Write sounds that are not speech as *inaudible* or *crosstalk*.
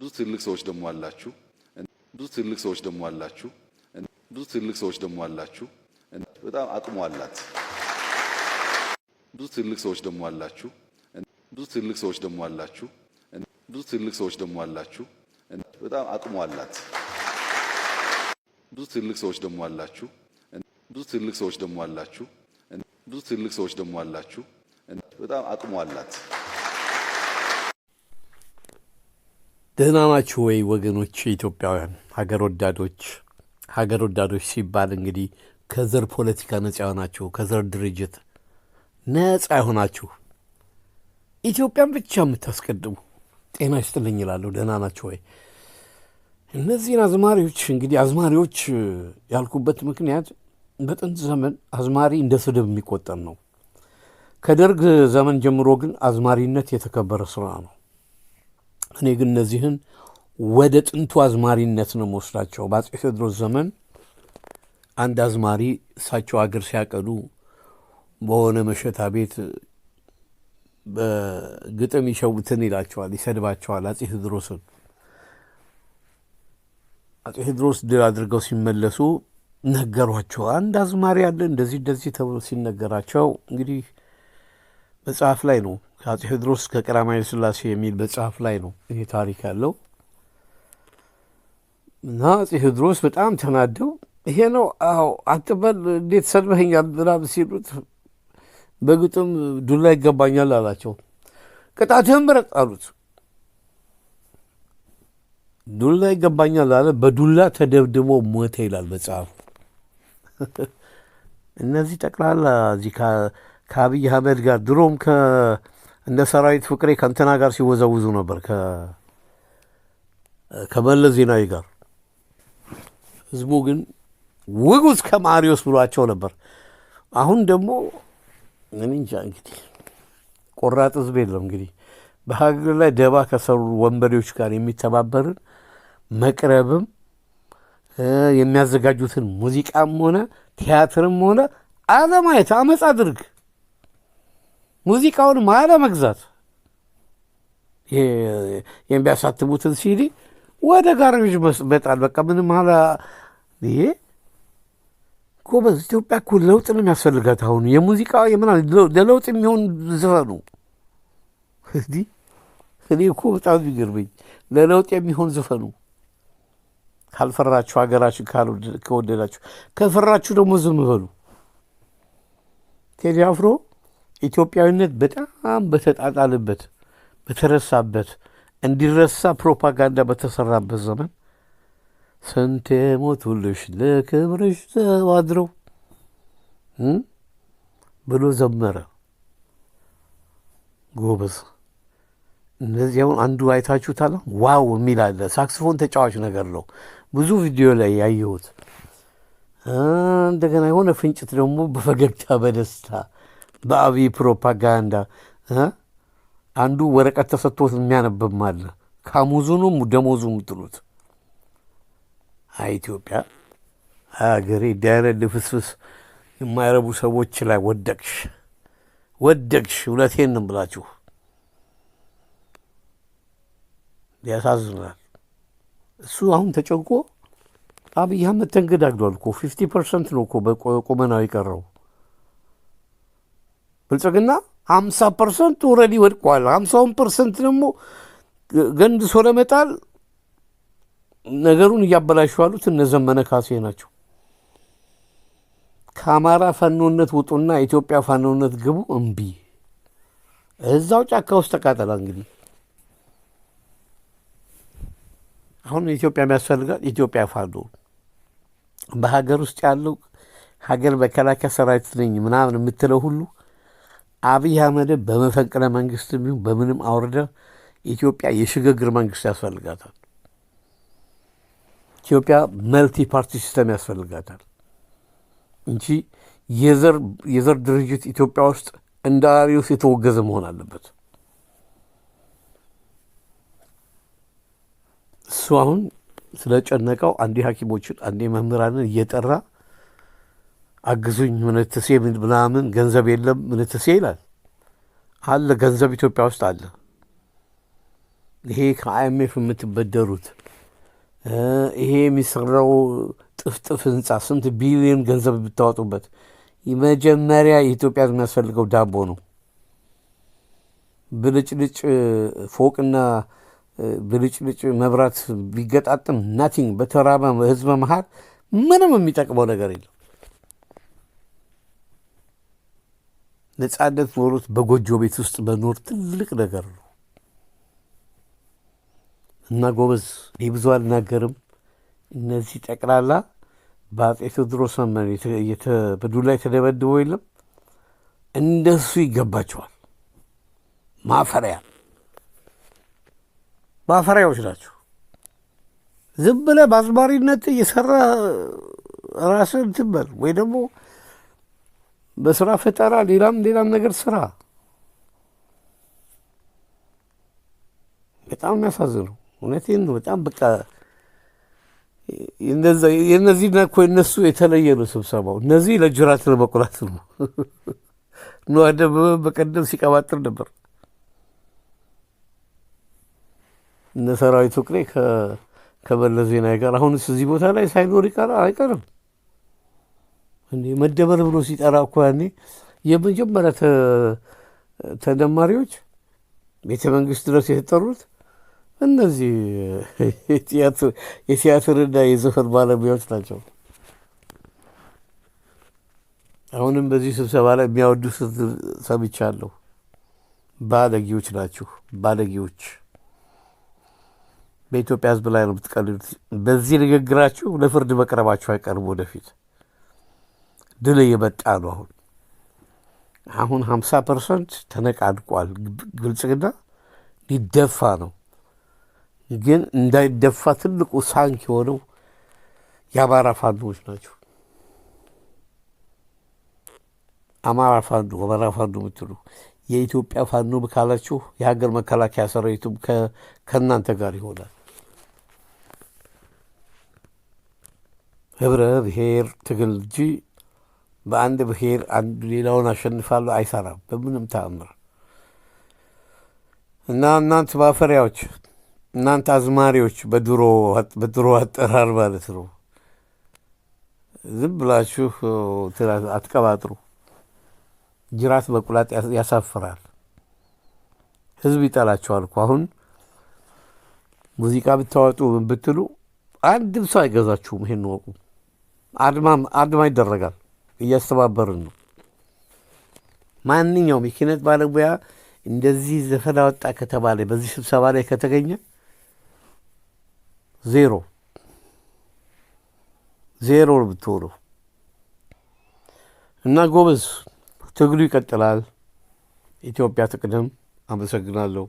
ብዙ ትልቅ ሰዎች ደግሞ አላችሁ። ብዙ ትልቅ ሰዎች ደግሞ አላችሁ። ብዙ ትልቅ ሰዎች ደግሞ አላችሁ። በጣም አቅሙ አላት። ብዙ ትልቅ ሰዎች ደግሞ አላችሁ። ብዙ ትልቅ ሰዎች ደግሞ አላችሁ። ብዙ ትልቅ ሰዎች ደግሞ አላችሁ። በጣም አቅሙ አላት። ብዙ ትልቅ ሰዎች ደግሞ አላችሁ። ብዙ ትልቅ ሰዎች ደግሞ አላችሁ። ብዙ ትልቅ ሰዎች ደግሞ አላችሁ። በጣም አቅሙ አላት። ደህና ናችሁ ወይ ወገኖች? ኢትዮጵያውያን ሀገር ወዳዶች። ሀገር ወዳዶች ሲባል እንግዲህ ከዘር ፖለቲካ ነጻ የሆናችሁ ከዘር ድርጅት ነጻ የሆናችሁ ኢትዮጵያን ብቻ የምታስቀድሙ ጤና ይስጥልኝ ይላለሁ። ደህና ናችሁ ወይ? እነዚህን አዝማሪዎች እንግዲህ አዝማሪዎች ያልኩበት ምክንያት በጥንት ዘመን አዝማሪ እንደ ስድብ የሚቆጠር ነው። ከደርግ ዘመን ጀምሮ ግን አዝማሪነት የተከበረ ስራ ነው። እኔ ግን እነዚህን ወደ ጥንቱ አዝማሪነት ነው መወስዳቸው። በአፄ ቴዎድሮስ ዘመን አንድ አዝማሪ እሳቸው አገር ሲያቀዱ በሆነ መሸታ ቤት በግጥም ይሸውትን ይላቸዋል፣ ይሰድባቸዋል አፄ ቴዎድሮስን። አጼ ቴዎድሮስ ድል አድርገው ሲመለሱ ነገሯቸው። አንድ አዝማሪ አለ እንደዚህ እንደዚህ ተብሎ ሲነገራቸው እንግዲህ መጽሐፍ ላይ ነው ከአጼ ቴዎድሮስ ከቀዳማዊ ስላሴ የሚል መጽሐፍ ላይ ነው ይሄ ታሪክ ያለው እና አጼ ቴዎድሮስ በጣም ተናደው ይሄ ነው አዎ አትበል እንዴት ሰድበኸኛል ምናምን ሲሉት በግጥም ዱላ ይገባኛል አላቸው ቅጣትህን ምረጥ አሉት ዱላ ይገባኛል አለ በዱላ ተደብድቦ ሞተ ይላል መጽሐፉ *laughs* እነዚህ ጠቅላላ እዚህ ከአብይ አህመድ ጋር ድሮም እንደ ሰራዊት ፍቅሬ ከእንትና ጋር ሲወዛውዙ ነበር ከመለስ ዜናዊ ጋር። ህዝቡ ግን እስከ ማሪዎስ ብሏቸው ነበር። አሁን ደግሞ እንጃ እንግዲህ ቆራጥ ህዝብ የለም እንግዲህ በሀገር ላይ ደባ ከሰሩ ወንበዴዎች ጋር የሚተባበርን መቅረብም የሚያዘጋጁትን ሙዚቃም ሆነ ቲያትርም ሆነ አለማየት አመፅ አድርግ ሙዚቃውን መግዛት የሚያሳትሙትን ሲዲ ወደ ጋርቤጅ መጣል። በቃ ምንም ኋላ ይሄ ጎበዝ ኢትዮጵያ እኮ ለውጥ ነው የሚያስፈልጋት። አሁኑ የሙዚቃ ለለውጥ የሚሆን ዘፈኑ እንዲህ እኔ እኮ በጣም የሚገርመኝ ለለውጥ የሚሆን ዘፈኑ ካልፈራችሁ ሀገራችን ከወደዳችሁ፣ ከፈራችሁ ደግሞ ዝም በሉ ቴዲ አፍሮ ኢትዮጵያዊነት በጣም በተጣጣልበት በተረሳበት እንዲረሳ ፕሮፓጋንዳ በተሰራበት ዘመን ስንቴ ሞቱልሽ ለክብርሽ ተዋድረው ብሎ ዘመረ። ጎበዝ እነዚያውን አንዱ አይታችሁታል። ዋው የሚል አለ። ሳክስፎን ተጫዋች ነገር ነው። ብዙ ቪዲዮ ላይ ያየሁት። እንደገና የሆነ ፍንጭት ደግሞ በፈገግታ በደስታ በአብይ ፕሮፓጋንዳ አንዱ ወረቀት ተሰጥቶት የሚያነብም አለ። ካሙዙኑም ደሞዙ ምትሉት ኢትዮጵያ አገሬ ዳረ ልፍስፍስ የማይረቡ ሰዎች ላይ ወደቅሽ ወደቅሽ። እውነቴን ብላችሁ ያሳዝናል። እሱ አሁን ተጨንቆ አብይ አህመድ ተንገዳግዷል እኮ ፊፍቲ ፐርሰንት ነው እኮ በቁመናው የቀረው። ብልጽግና ሀምሳ ፐርሰንት ኦልሬዲ ወድቋል። ሀምሳውን ፐርሰንት ደግሞ ገንድሶ ለመጣል ነገሩን እያበላሹ ያሉት እነ ዘመነ ካሴ ናቸው። ከአማራ ፋኖነት ውጡና ኢትዮጵያ ፋኖነት ግቡ። እምቢ እዛው ጫካ ውስጥ ተቃጠላ። እንግዲህ አሁን ኢትዮጵያ የሚያስፈልጋል ኢትዮጵያ ፋኖ በሀገር ውስጥ ያለው ሀገር መከላከያ ሰራዊት ነኝ ምናምን የምትለው ሁሉ አብይ አህመድ በመፈንቅለ መንግስት ቢሆን በምንም አውርደ ኢትዮጵያ የሽግግር መንግስት ያስፈልጋታል። ኢትዮጵያ መልቲ ፓርቲ ሲስተም ያስፈልጋታል እንጂ የዘር ድርጅት ኢትዮጵያ ውስጥ እንደ አሪዎስ የተወገዘ መሆን አለበት። እሱ አሁን ስለጨነቀው አንዴ ሐኪሞችን አንዴ መምህራንን እየጠራ አግዙኝ ምንትሴ ምናምን ገንዘብ የለም ምንትሴ ይላል አለ። ገንዘብ ኢትዮጵያ ውስጥ አለ። ይሄ ከአይኤምኤፍ የምትበደሩት ይሄ የሚሰራው ጥፍጥፍ ህንፃ ስንት ቢሊዮን ገንዘብ የምታወጡበት መጀመሪያ የኢትዮጵያ የሚያስፈልገው ዳቦ ነው። ብልጭልጭ ፎቅና ብልጭልጭ መብራት ቢገጣጥም ናቲንግ በተራበ ህዝበ መሀል ምንም የሚጠቅመው ነገር የለም። ነፃነት ኖሮት በጎጆ ቤት ውስጥ መኖር ትልቅ ነገር ነው እና ጎበዝ፣ እኔ ብዙ አልናገርም። እነዚህ ጠቅላላ በአጼ ቴዎድሮስ ዘመን በዱላ የተደበድበው የለም እንደሱ ይገባቸዋል። ማፈሪያ ማፈሪያዎች ናቸው። ዝም ብለህ በአዝማሪነት እየሰራ ራስህ እንትን በል ወይ ደግሞ በስራ ፈጠራ ሌላም ሌላም ነገር ስራ። በጣም የሚያሳዝነው እውነቴን በጣም በቃ የነዚህና እኮ የነሱ የተለየ ነው ስብሰባው። እነዚህ ለጅራት ለመቁላት ነው። ነዋደበበ *laughs* በቀደም ሲቀባጥር ነበር። እነ ሰራዊት ፍቅሬ ከመለስ ዜናዊ ጋር አሁንስ እዚህ ቦታ ላይ ሳይኖር ይቀር አይቀርም። መደመር ብሎ ሲጠራ እኮ ያኔ የመጀመሪያ ተደማሪዎች ቤተ መንግስት ድረስ የተጠሩት እነዚህ የቲያትርና የዘፈን ባለሙያዎች ናቸው። አሁንም በዚህ ስብሰባ ላይ የሚያወዱት ሰምቻለሁ። ባለጌዎች ናችሁ፣ ባለጌዎች በኢትዮጵያ ሕዝብ ላይ ነው የምትቀልዱት። በዚህ ንግግራችሁ ለፍርድ መቅረባችሁ አይቀርም ወደፊት ድል እየመጣ ነው። አሁን አሁን ሀምሳ ፐርሰንት ተነቃድቋል። ብልጽግና ሊደፋ ነው። ግን እንዳይደፋ ትልቁ ሳንክ የሆነው የአማራ ፋንዶች ናቸው። አማራ ፋንዶ፣ አማራ ፋንዶ የምትሉ የኢትዮጵያ ፋኖ ካላችሁ የሀገር መከላከያ ሰራዊቱም ከእናንተ ጋር ይሆናል። ህብረ ብሔር ትግል እንጂ በአንድ ብሔር አንዱ ሌላውን አሸንፋሉ አይሰራም በምንም ተአምር። እና እናንት ማፈሪያዎች፣ እናንተ አዝማሪዎች በድሮ አጠራር ማለት ነው። ዝም ብላችሁ አትቀባጥሩ። ጅራት በቁላጥ ያሳፍራል። ህዝብ ይጠላችኋል እኮ አሁን ሙዚቃ ብታወጡ ብትሉ አንድም ሰው አይገዛችሁም። ይሄን ወቁ። አድማ ይደረጋል። እያስተባበርን ነው። ማንኛውም የኪነት ባለሙያ እንደዚህ ዘፈን አወጣ ከተባለ በዚህ ስብሰባ ላይ ከተገኘ ዜሮ ዜሮ ነው ብትሆነው እና ጎበዝ፣ ትግሉ ይቀጥላል። ኢትዮጵያ ትቅደም። አመሰግናለሁ።